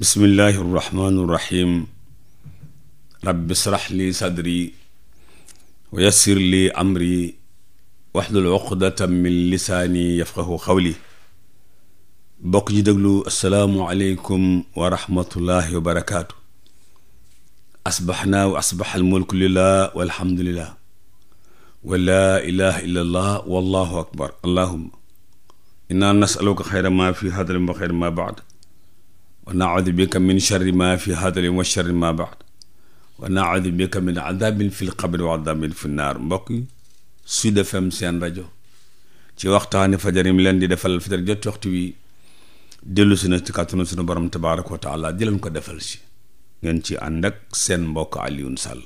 bismillaahi rahmaani rahiim rabbi srax li sadri wa yassir li amri waxlul uqdatan min lisaani yafqahu xawli bokk ji déglu asalaamualeykum wa rahmatullahi wa barakaatu asbaxnaa wa asbax almulku lillah walhamdulillah wa laa ilaha illa allah wallahu akbar allahuma inna nasaluka xayra ma fi hadal wa xayra ma baad wa naudu bika min sharri ma fi hadal yawm wa sharri ma baad wa naudu bika min adabin fil qabri wa adabin fi naar mbokk su Sud seen rajo ci waxtaani fajar yi mu leen di defal fajar jot waxtu wi dellu si na ci kàttanu sunu borom tabaaraka wa taala di leen ko defal si ngeen ci ànd ak seen mbokk Alioune Sall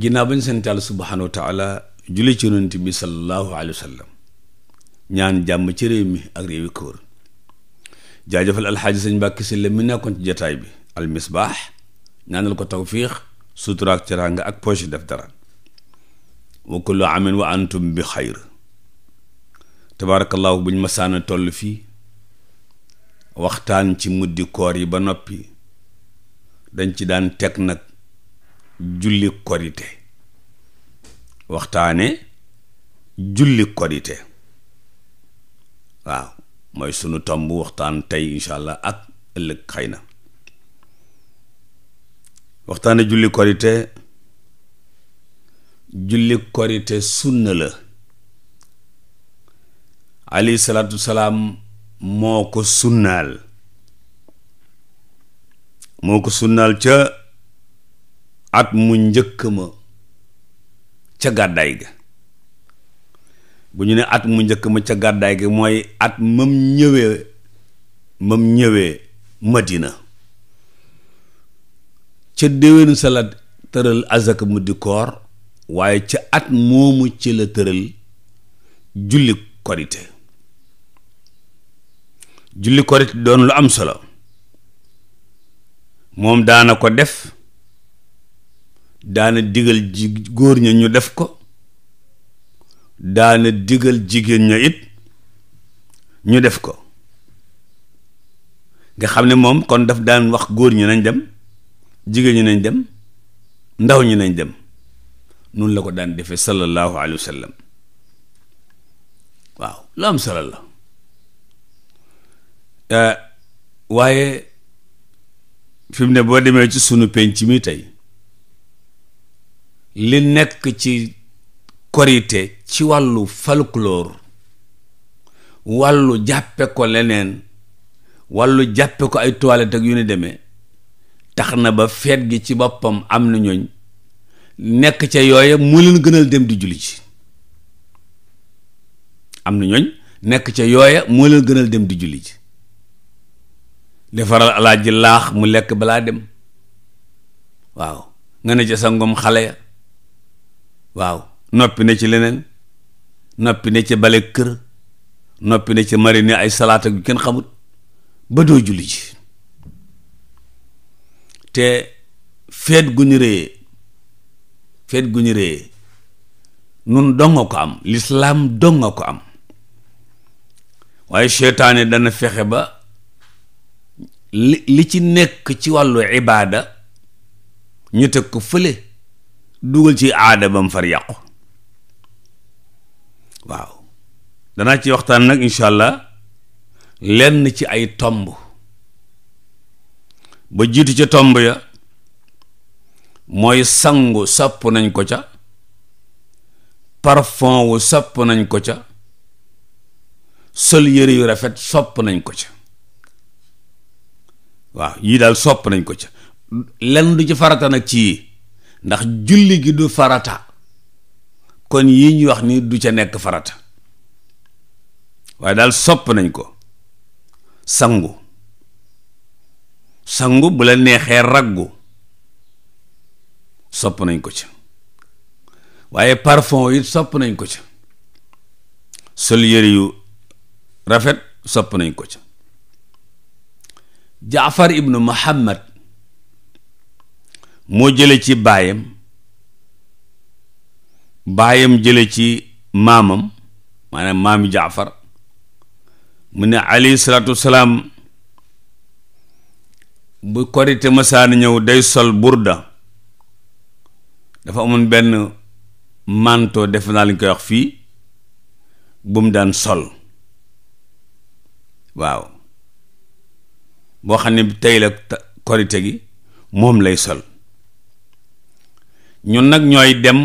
ginnaaw ba ñu seen taal subhaanahu wa taala julli ci yonent bi sallallahu alayhi wa sallam ñaan jàmm ci réew mi ak réewi kóor jaajëfal alxaaji sëñ Mbàkke Sylla mu nekkoon ci jataay bi almisbaax ñaanal ko tawfiix suturaak teraanga ak poche def dara wa kullu amin wa antum bi xayr tabaarakallaahu buñ masaana toll fii waxtaan ci muddi koor yi ba noppi dañ ci daan teg nag julli korite waxtaane julli korite waaw mooy sunu tomb waxtaan tey incha allah ak ëllëg xëy na waxtaane julli korite julli korite sunna la alayhi salaatu salaam moo ko sunnaal moo ko sunnaal ca at mu njëkk ma ca gàddaay ga bu ñu ne at mu njëkk ma ca gàddaay gi mooy at mam ñëwee mam ñëwee madina ca déwénu sa la tëral azaka mu waaye ca at moomu ci la tëral julli korite julli korite doon lu am solo moom daana ko def daana digal ji góor ña ñu def ko daana digal jigéen ña it ñu def ko nga xam ne moom kon daf daan wax góor ñi nañ dem jigéen ñi nañ dem ndaw ñi nañ dem noonu la ko daan defee sallallahu alayhi wa sallam waaw lu am solo la eh, waaye fi ne boo demee ci sunu penc mi tey li nekk ci korite ci wàllu folklore wàllu jàppe ko leneen wàllu jàppe ko ay toilette ak yu ni demee tax na ba feet gi ci boppam am na ñooñ nekk ca yooya di julli am na nekk ca yooya moo leen gënal dem di julli ji defaral alaaji laax mu lekk balaa dem waaw nga ne ca sa ngom xale ya waaw noppi na ci leneen noppi ne ci bale kër noppi ne ca marine ay salaat ak yu kenn xamut ba doo julli ji te feet gu ñu réyee feet gu ñu ko am lislaam donga ko am waaye seytaane dana fexe ba li li ci nekk ci wàllu ibaada ñu teg ko fële dugal ci aada bam far yàqu waaw danaa ci waxtaan nag incha allah lenn ci ay tomb ba jiitu ca tomb ya mooy sangu sopp nañ ko ca parfum wu sopp nañ ko ca sol yére yu rafet sopp nañ ko ca waaw yii daal sopp nañ ko ca lenn du ci farata nag ci yii ndax julli gi du farata kon yi ñu wax ni du ca nekk farata waaye daal sopp nañ ko sangu sangu bu la neexee raggu sopp nañ ko ca waaye parfon it sopp nañ ko ca sol yëre yu rafet sopp nañ ko ca jaafar ibnu muhammad moo jële ci baayam baayam jële ci maamam maanaam maami jaafar mu ne alayhi salaatu wasalaam bu korite masaana ñëw day sol burda dafa amoon benn manto def naa lañ koy wax fii bu mu daan sol waaw boo xam ne tey la korite gi moom lay sol ñun nag ñooy dem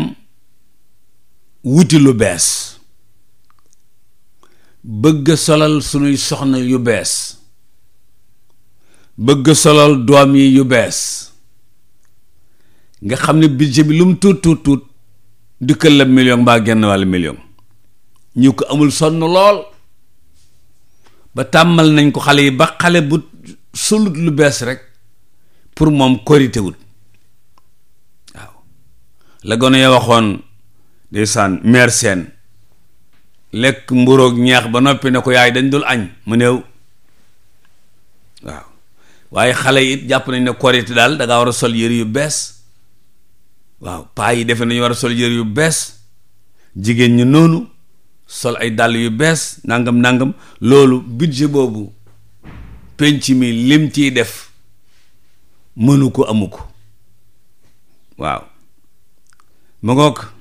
wuti lu bees bëgg solal sunuy soxna yu bees bëgg solal doom yi yu bees nga xam ne budget bi lu mu tuut tuut tuut du kël la million mbaa genn wàll million ñu ko amul sonn lool ba tàmmal nañ ko xale yi ba xale bu solut lu bees rek pour moom koritewut waaw la gone ya waxoon ndeysaan meer seen lekk mburoog ñeex ba noppi ne ko yaay dañ dul añ mu néew waaw waaye xale yi it jàpp nañ ne korite daal da war a sol yére yu bees waaw paa yi defe nañu war a sol yére yu bees jigéen ñi noonu sol ay dàll yu bees nangam nangam loolu budget boobu penc mi lim ciy def mënu ko amu ko waaw mu ngoog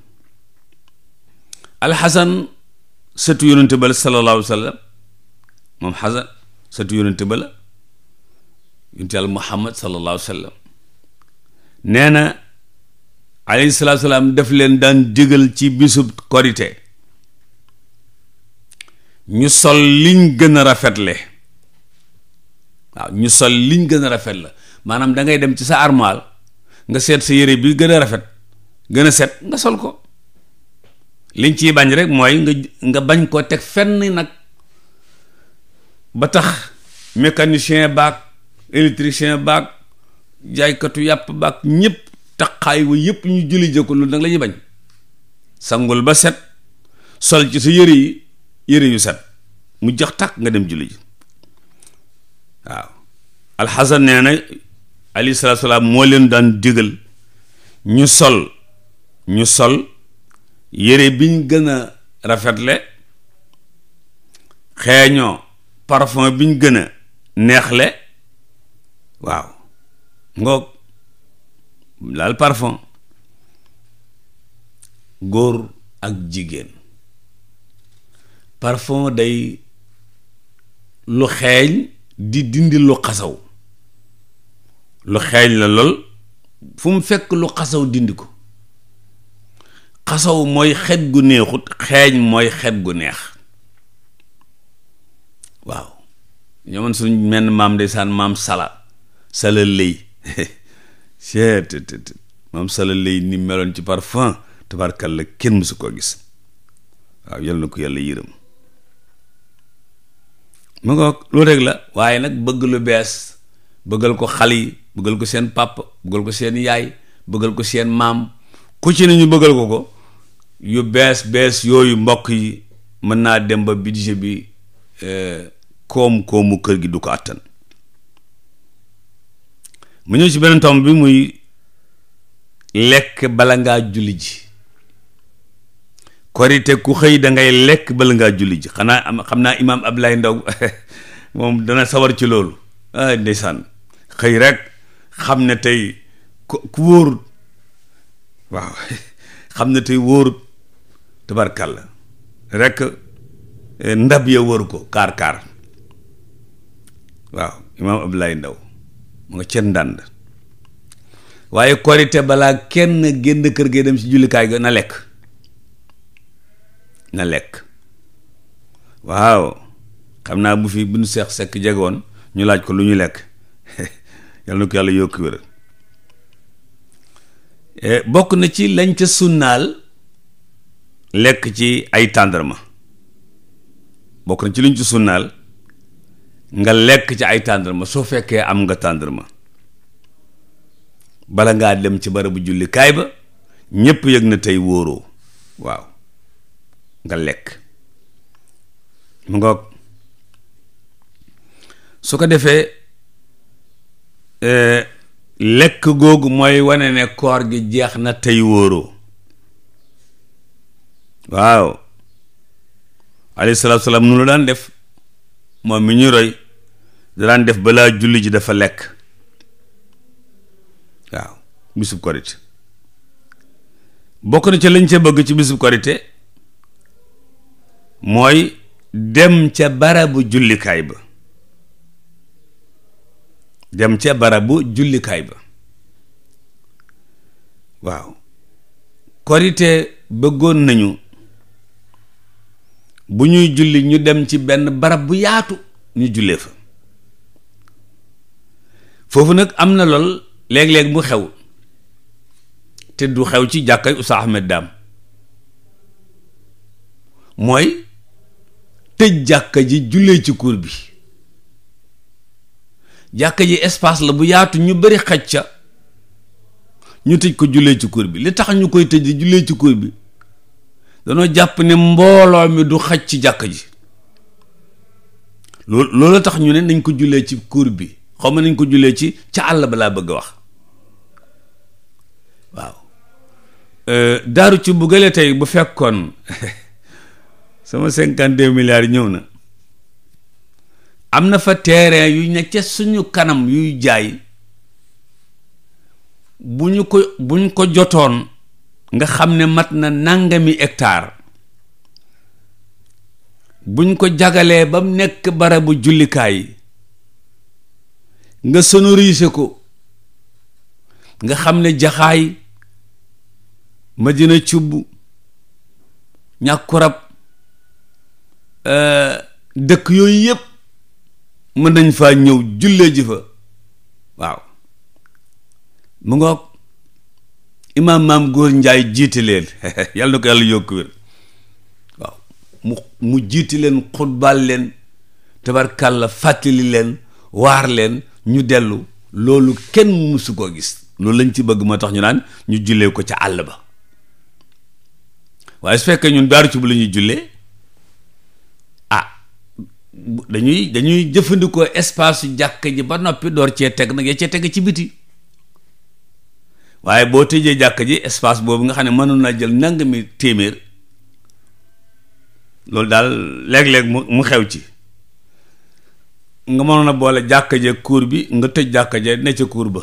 alxasan sëtu yonente ba la sallallahu alayhi moom xasan sëtu yonente ba la yonente yàlla muhammad sallallahu alayhi wa sallam nee na alayhi salaatu salaam leen daan digal ci bisub korite ñu sol liñ gën a rafetle waaw ñu sol liñ gën a rafet la maanaam da ngay dem ci sa armoil nga seet sa yére bi gën a rafet gën a set nga sol ko liñ ciy bañ rek mooy nga nga bañ koo teg fen ni nag ba tax mécanicien baag électricien baag jaaykatu yàpp baag ñëpp taqaay wa yëpp ñu jëli jëkko lu nag la ñuy bañ sangul ba set sol ci sa yëre yi yëre yu set mu jax takk nga dem julli ji waaw alxasan nee na salaam moo leen daan digal ñu sol ñu sol yére biñ gën a rafetle xeeñoo parfum biñ gën a neexle waaw ngoog laal parfum góor ak jigéen parfon day lu xeeñ di dindi lu xasaw lu xeeñ la lool fu fekk lu xasaw dindi ko xasaw mooy xet gu neexut xeeñ mooy xet gu neex waaw ñoo su suñ menn maam ndeysaan maam sala sala lëy seet maam sala lëy ni meloon ci parfum tabarkal la kenn mësu koo gis waaw yal na ko yàlla yërëm mu nga loolu rek la waaye nag bëgg lu bees bëggal ko xal yi bëggal ko seen pàpp bëggal ko seen yaay bëggal ko seen maam ku ci ne ñu bëggal ko ko yu bees bees yooyu mbokk yi mën naa dem ba budget bi euh, koom-koomu kër gi du ko àttan mu ñëw ci beneen tomb bi muy lekk bala ngaa julli ji korite ku xëy dangay lekk bala ngaa julli ji xanaa am xam naa imaam Ablaye Ndaw moom dana sawar ci loolu ay ndeysaan xëy rek xam ne tey ku wóorut waaw xam ne tey wóorut tubarkalla rek eh, ndab ya wër ko kaar kaar waaw imaam Abdoulaye Ndaw mu nga cën ndànd waaye korite balaa kenn génn kër gee dem ci jullikaay ga na lekk na lekk waaw xam naa bu fi bu ñu seex sekk jegoon ñu laaj ko lu ñu lekk yàlla na ko yàlla yokki wér eh, bokk na ci lañ ca sunnaal lekk ci ay tàndarma bokk na ci liñ ci sunnaal nga lekk ci ay tàndarma soo fekkee am nga tàndarma bala ngaa dem ci barabu jullikaay ba ñépp yëg na tey wóoroo waaw nga lekk mu ngoog su ko defee eh, lekk googu mooy wane ne koor gi jeex na tey wóoroo waaw alayhi salaatu salaam nu la daan def moom mi ñuy roy da daan def balaa julli ji dafa lekk waaw bisub korite bokk na ca lañ ca bëgg ci bisub korite mooy dem ca barabu jullikaay ba dem ca barabu jullikaay ba waaw korite bëggoon nañu bu ñuy julli ñu dem ci benn barab bu yaatu ñu jullee fa foofu nag am na lool léeg-léeg mu xew te du xew ci jàkkay Oustaz Ahmed Dame mooy tëj jàkka ji jullee ci cour bi jàkka ji espace la bu yaatu ñu bari xaj ca ñu tëj ko jullee ci cour bi li tax ñu koy tëj di jullee ci cour bi danoo jàpp ni mbooloo mi du xaj ci jàkk ji loolu loolu tax ñu ne nañ ko jullee ci cour bi xaw ma nañ ko jullee ci ca àll ba laa bëgg a wax waaw euh, daaru ci buggale tey bu fekkoon sama cinquante deux milliards ñëw na am na fa terrain yu ne ca suñu kanam yuy jaay bu ñu ko bu ñu ko jotoon nga xam ne mat na nangami hectare buñ ko jagalee ba mu nekk barabu jullikaay nga sonoriser ko nga xam ne jaxaay ma madina cubb ñàkkurab euh, dëkk yooyu yëpp mën nañ faa ñëw jullee ji fa waaw mu ngoog imaam maam góor njaay jiite leen yàlla na ko yàlla yokk wér mu mu jiite leen xutbaal leen tabarkàlla fàttali leen waar leen ñu dellu loolu kenn mësu koo gis loolu lañ ci bëgg moo tax ñu naan ñu jullee ko ca àll ba waaye su fekkee ñun daaru ci bu la ñuy jullee ah dañuy dañuy jëfandikoo espace yu jàkk ji ba noppi door cee teg nag ya cee teg ci biti waaye boo tëjee jàkk ji espace boobu nga xam ne mënoon naa jël nangami téeméer loolu daal léeg-léeg mu mu xew ci nga mënoon a boole jàkk ja kuur bi nga tëj jàkk ja ne ca kuur ba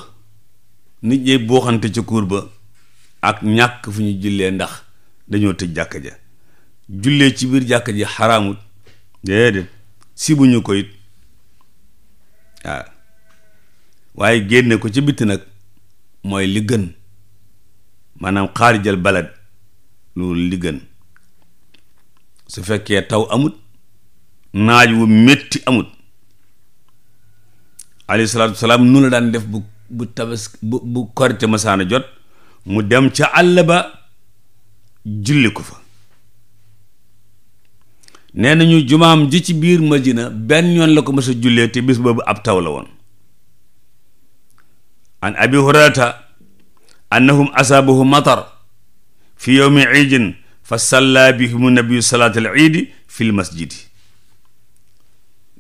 nit ñi booxante ca kuur ba ak ñàkk fu ñu jullee ndax dañoo tëj jàkk ja jullee ci biir jàkk ji xaraamut déedéet si bu ko it waaw waaye génne ko ci bitti nag mooy li gën maanaam xaarijal balad loolu li gën su fekkee taw amut naaj wu metti amut alayhi salaatu wasalaam nu la daan def bu bu tabas bu bu ca masaana jot mu dem ca àll ba julli ko fa nee nañu jumaam ji ci biir ma Madina benn yoon la ko mës a jullee te bis boobu ab taw la woon an abi hurayrata annahum asaabahu matar fi yowmi iidin fa salla bihum nabiyu salaat al iidi fi l masjidi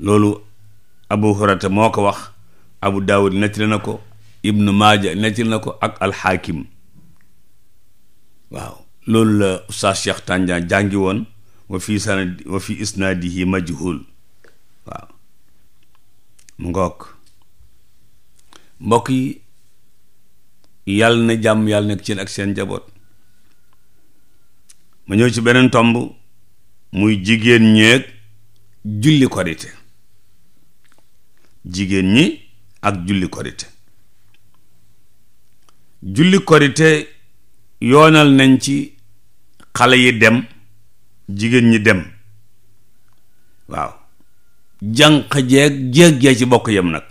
loolu abu hurayrata moo ko wax abu daawud nettali na ko ibnu maaja nettali na ko ak alxaakim waaw loolu la ustaas cheikh tànjaan jàngi woon wa fi sanad wa fi isnaadihi majhul waaw mu ngoog mbokk yi yàlla na jàmm yàlla nekk ci ak seen njaboot ma ñëw ci beneen tomb muy jigéen ñeeg julli korite jigéen ñi ak julli korite julli korite yoonal nañ ci xale yi dem jigéen ñi dem waaw janq jeeg jeeg jee ci bokk yem nag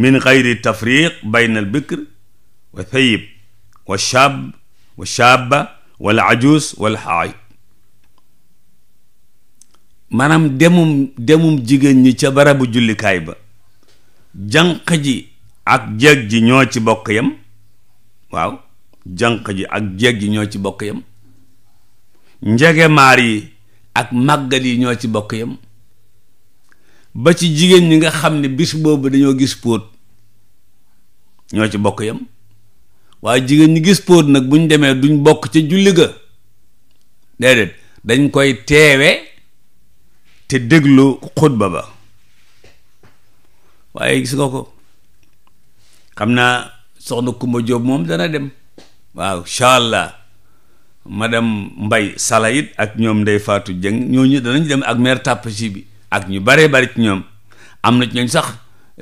min xayri tafriq baynal bikr wa thayib wa shab wa shaba wal ajus wal haid maanaam demum demum jigéen ñi ca barabu jullikaay ba jànq ji ak jeeg ji ñoo ci bokk yam waaw jànq ji ak jeeg ji ñoo ci bokk yam njegemaar yi ak màggal yi ñoo ci bokk yam ba ci jigéen ñi nga xam ne bis boobu dañoo gis póot ñoo ci bokk waaye jigéen ñi gis póot nag bu ñu demee duñ bokk ca julli ga déedéet dañ koy teewe te déglu xutba ba waaye gis nga ko xam naa soxna Kumba Jóob moom dana dem waaw incha allah dem Mbay sala yit ak ñoom Ndey Faatu Jëng ñooñu danañ dem ak mère Tappasi bi ak ñu baree bari ci ñoom am na ci ñooñ sax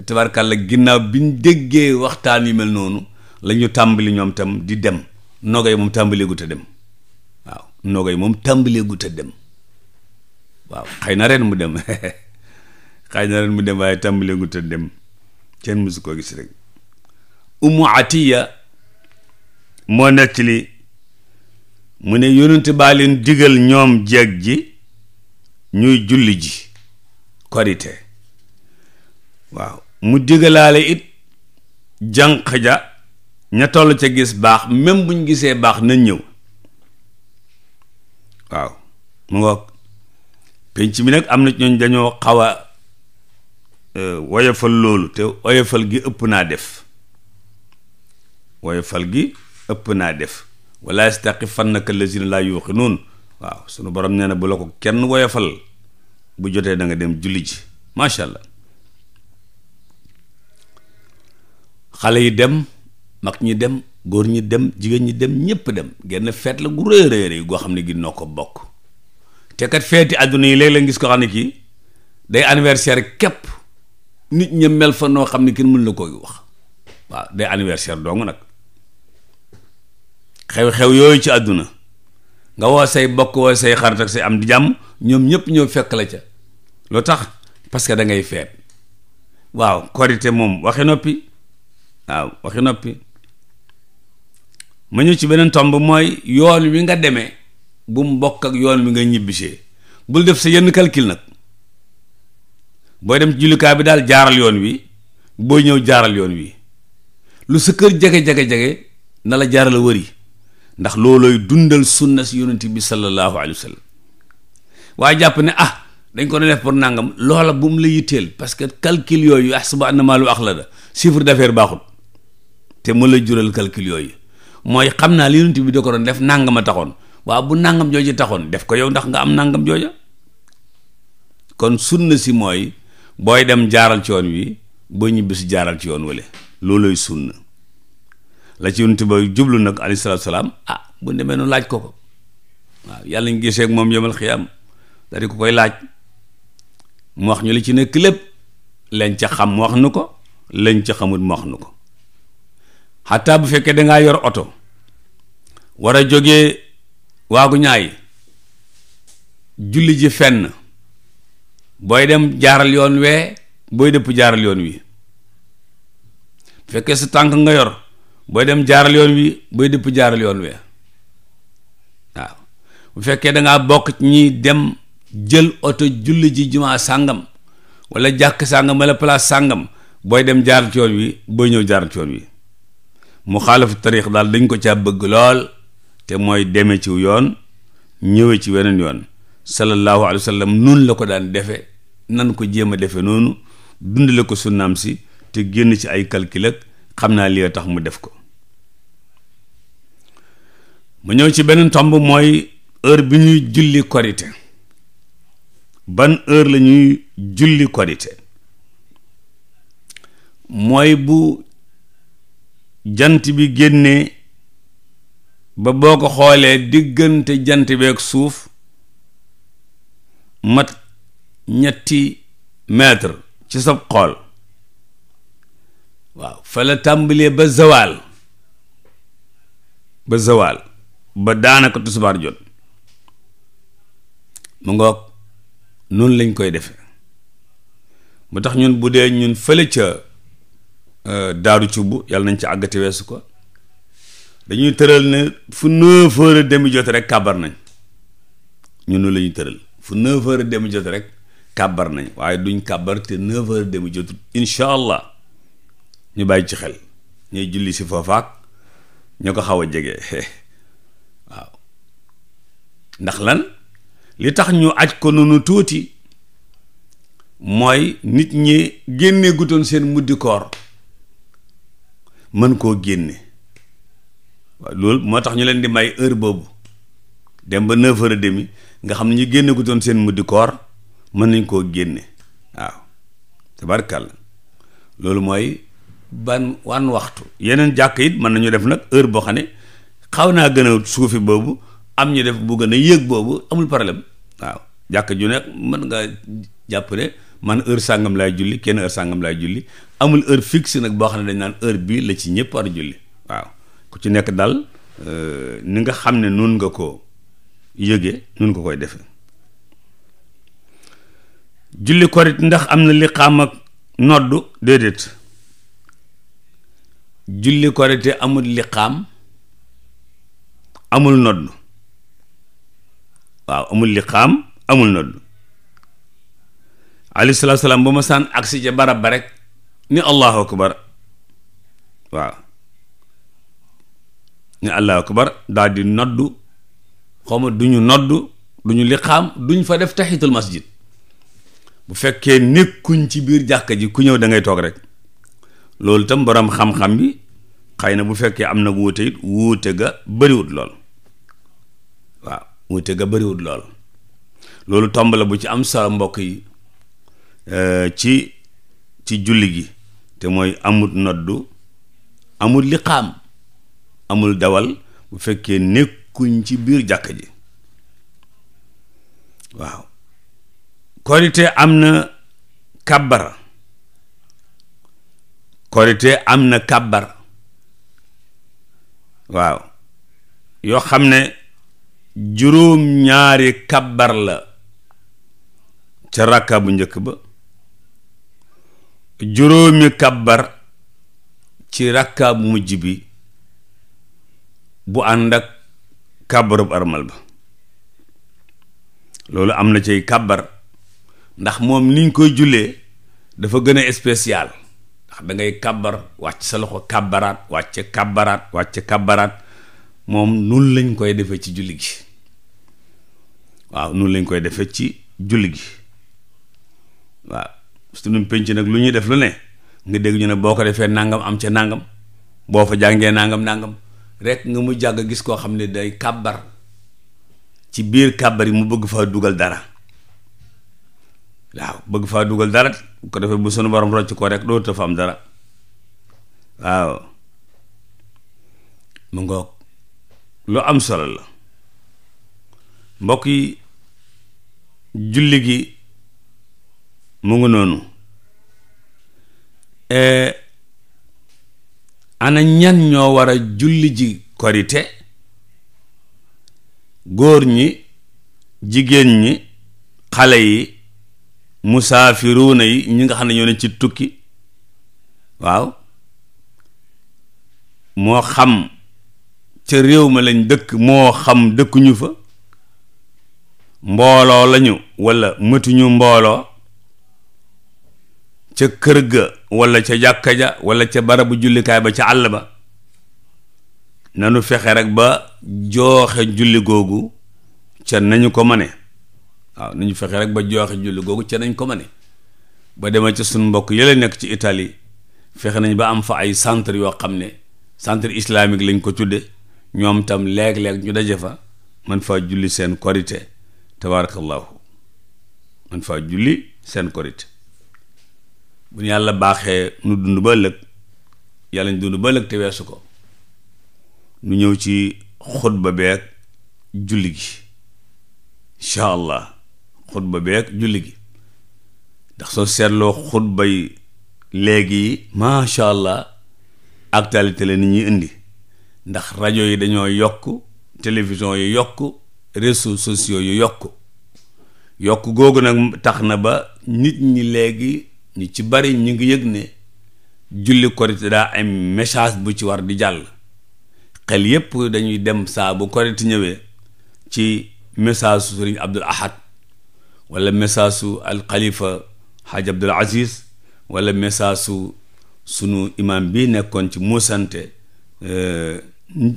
tabarkàlla ginnaaw bi ñu déggee waxtaan yu mel noonu la ñu tàmbali ñoom tam di dem nogay moom tàmbaleegu te dem waaw nogay moom tàmbaleegu te dem waaw xëy na mu dem xëy na mu dem waaye tàmbaleegu te dem kenn mësu koo gis rek umu atiya moo nekk li mu ne yonente baa digal ñoom jeeg ji ñuy julli ji korite waaw mu digalaale it jànq ja ña toll ca gis baax même buñ gisee baax nañ ñëw waaw mu ngoog penc mi nag am na ñooñ dañoo xaw a euh, woyofal loolu te woyofal gi ëpp naa def woyofal gi ëpp naa def wala yastaqifannaka lazina laa noonu waaw sunu borom nee na bu la ko kenn woyofal bu jotee danga dem julli ji macha allah xale yi dem mag ñi dem góor ñi dem jigéen ñi dem ñëpp dem genn feet la gu rëy rëy rëy goo xam ne gi noo ko bokk te kat feeti àdduna yi léeg-léeg ngis ko xam ne kii day anniversaire képp nit ña fa noo xam ne kenn mën la koy wax waaw day anniversaire dong nag xew-xew yooyu ci àdduna nga woo say bokk woo say xarit ak say am di jàmm ñoom ñëpp ñoo fekk la ca loo tax parce que da ngay feet waaw korite moom waxe noppi waaw waxe noppi ma ñëw ci beneen tomb mooy yoon wi nga demee bu mu mbokk ak yoon wi nga ñibbisee bul def sa yenn calcul nag booy dem jullikaay bi daal jaaral yoon wi booy ñëw jaaral yoon wi lu sa kër jege-jege-jege na la jaaral wëri ndax loolooy dundal sunna si yonent bi sallallahu alayhi wa sallam jàpp ne ah dañ ko def pour nangam loola bu mu la yitteel parce que calcul yooyu ahsaba anna la axlada chiffre d'affaires baaxut te mën la jural calcul yooyu mooy xam naa li yonent bi da ko doon def nàngam a taxoon waaw bu nàngam jooju taxoon def ko yow ndax nga am nàngam jooja kon sun na si mooy booy dem jaaral ci yoon wi boo ñibbi si jaaral ci yoon wale looloy sunna la ci yonent ba jublu nag alayhi salaatu salaam ah bu demee nu laaj ko ko waaw yàlla ñu gisee ak moom yomal xiyaam da di ko koy laaj mu wax ñu li ci nekk lépp lañ ca xam wax nu ko lañ ca xamut mu wax nu ko xataa bu fekkee dangaa yor oto war a jóge waagu ñaay julli ji fenn booy dem jaaral yoon wee booy dëpp jaaral yoon wi bu fekkee sa tànk nga yor booy dem jaaral yoon wi booy dëpp jaaral yoon wee waaw bu fekkee dangaa bokk ñi ñiy dem jël oto julli ji jumaa sàngam wala jàkk sàngam wala place sàngam booy dem jaaral ci yoon wi booy ñëw jaaral ci yoon wi mu xaalafu tariix daal dañ ko caa bëgg lool te mooy deme ci yoon ñëwee ci weneen yoon sallallahu alayhi wa sallam noonu la ko daan defe nan ko jéem a defe noonu dundale ko sunnaam si te génn ci ay calcul xam naa li tax mu def ko mu ñëw ci beneen tomb mooy heure bi ñuy julli korite ban heure la ñuy julli korite mooy bu jant bi génne ba boo ko xoolee diggante jant beeg suuf mat ñetti mètre ci sab xool waaw fa la tàmbalee ba zawaal ba ba daanaka tusubaar jot mu ngoog noonu lañ koy defe mu tax ñun bu dee ñun fële ca Euh, daaru cubb yàlla nañ ci àggati weesu ko dañuy tëral ne fu neuf heures jot rek kàbbar nañ ñun la ñuy tëral fu neuf heures jot rek kàbbar nañ waaye duñ kàbbar te neuf heures demi allah ñu bàyyi ci xel ñuy julli si foofaak ñoo ko xaw a jege waaw ndax lan li tax ñu aj ko noonu tuuti mooy nit ñi génne gutoon seen muddi koor mën koo génne waaw loolu moo tax ñu leen di may heure boobu dem ba neuf heures et demi nga xam ne ñu génne ko doon seen muddi koor mën nañ koo génne waaw tabarkàlla loolu mooy ban wan waxtu yeneen jàkk it mën nañu def nag heure boo xam ne xaw naa gën a suufi boobu am ñu def bu gën a yéeg boobu amul problème waaw jàkk ju ne mën nga jàpp man heure sàngam laay julli kenn heure sàngam laay julli amul heure fixe nag boo xam ne dañ naan heure bii la ci ñëpp war a julli waaw ku ci nekk daal euh, ni nga xam ne noonu nga ko yége nun ko koy defe julli korit ndax am na liqaam ak nodd déedéet julli korite amul liqaam amul noddu waaw amul liqaam amul noddu alayhi salaam ba ma sànn agsi ca barab ba rek ni allahu akbar waaw ni allahu akbar daal di noddu xawma duñu noddu duñu liqaam duñ fa def taxitul masjid bu fekkee nekkuñ ci biir jàkka ji ku ñëw dangay toog rek loolu tam borom xam-xam bi xëy na bu fekkee am na wuute it wuute ga bëriwut lool waaw wuute ga bëriwut lool loolu tomb bu ci am sa mbokk yi Euh, ci ci julli gi te mooy amul noddu amul liqaam amul dawal bu fekkee nekkuñ ci biir jàkk ji waaw korite am na kàbbara korite am na kàbbara waaw yoo xam ne juróom ñaari kàbbar la ca rakka bu njëkk ba juróomi kabbar ci rakkaab mujj bi bu ànd ak kàbbarub armal ba loolu am na ciy kàbbar ndax moom niñ koy jullee dafa gën a spécial ndax da ngay wàcc sa loxo kàbbaraat wàcce kàbbaraat wàcce kàbbaraat moom nun lañ koy defee ci julli gi waaw nun lañ koy defee ci julli gi waaw sunu penc nag lu ñuy def lu ne nga dégg ñu ne boo ko defee nangam am ca nangam boo fa jàngee nangam nangam rekk nga mu jàgg gis koo xam ne day kàbbar ci biir kàbbar yi mu bëgg faa dugal dara waaw bëgg faa dugal dara ko defee bu sunu borom rocc ko rek dootu fa am dara waaw mu ngoog lu am solo la mbokk yi julli gi mu ngi noonu e, ana ñan ñoo war a julli ji korite góor ñi jigéen ñi xale yi musaafiruuna yi ñi nga xam ne ñoo ne ci tukki waaw moo xam ca réew ma lañ dëkk moo xam dëkkuñu fa mbooloo lañu walla mëtuñu mbooloo ca kër ga wala ca jàkka ja wala ca barabu jullikaay ba ca àll ba nanu fexe rek ba jooxe julli googu ca nañu ko mane waaw nañu fexe rek ba jooxe julli googu ca nañ ko mane ba demee ca suñu mbokk yële nekk ci itali fexe nañ ba am fa ay centre yoo xam ne centre islamique lañ ko tudde ñoom tam léeg-léeg ñu daje fa man faa julli seen korite tabarakallahu man faa julli seen korite bu ñu yàlla baaxee nu dund ba ëllëg yàlla ñu dund ba ëllëg te weesu ko nu ñëw ci xutba beeg julli gi incha allah xutba beeg julli gi ndax soo seetloo xutba yi léegi macha allah actualité la nit ñi indi ndax rajo yi dañoo yokk télévision yi yokk réseaux sociaux yu yokk yokk googu nag tax na ba nit ñi léegi ñu ci bari ñu ngi yëg ne julli korite daa am message bu ci war di jàll xel yépp dañuy dem saa bu korite ñëwee ci message su sëriñ Abdul Ahad wala message su al Khalifa Hadj Abdul Aziz wala message su sunu imam bi nekkoon ci muusante euh,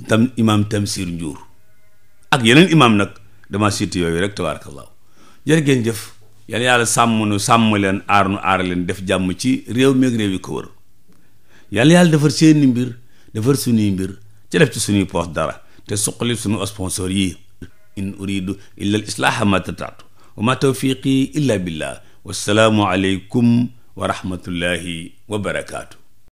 tam imam Tamsir Njuur ak yeneen imam nag dama siiti yooyu rek tabaarakallaahu jërë ngeen jëf yal yàlla sàmm nu sàmm leen aar nu aar leen def jàmm ci réew mi ak réew yi yal yàlla defar seeni mbir defar suñuy mbir ci def ci suñuy poos dara te suqali sunu sponsor yi in uridu illa al islaaha ma tataatu wa ma tawfiqi illa billah wassalaamu aleykum wa rahmatullahi wa barakaatu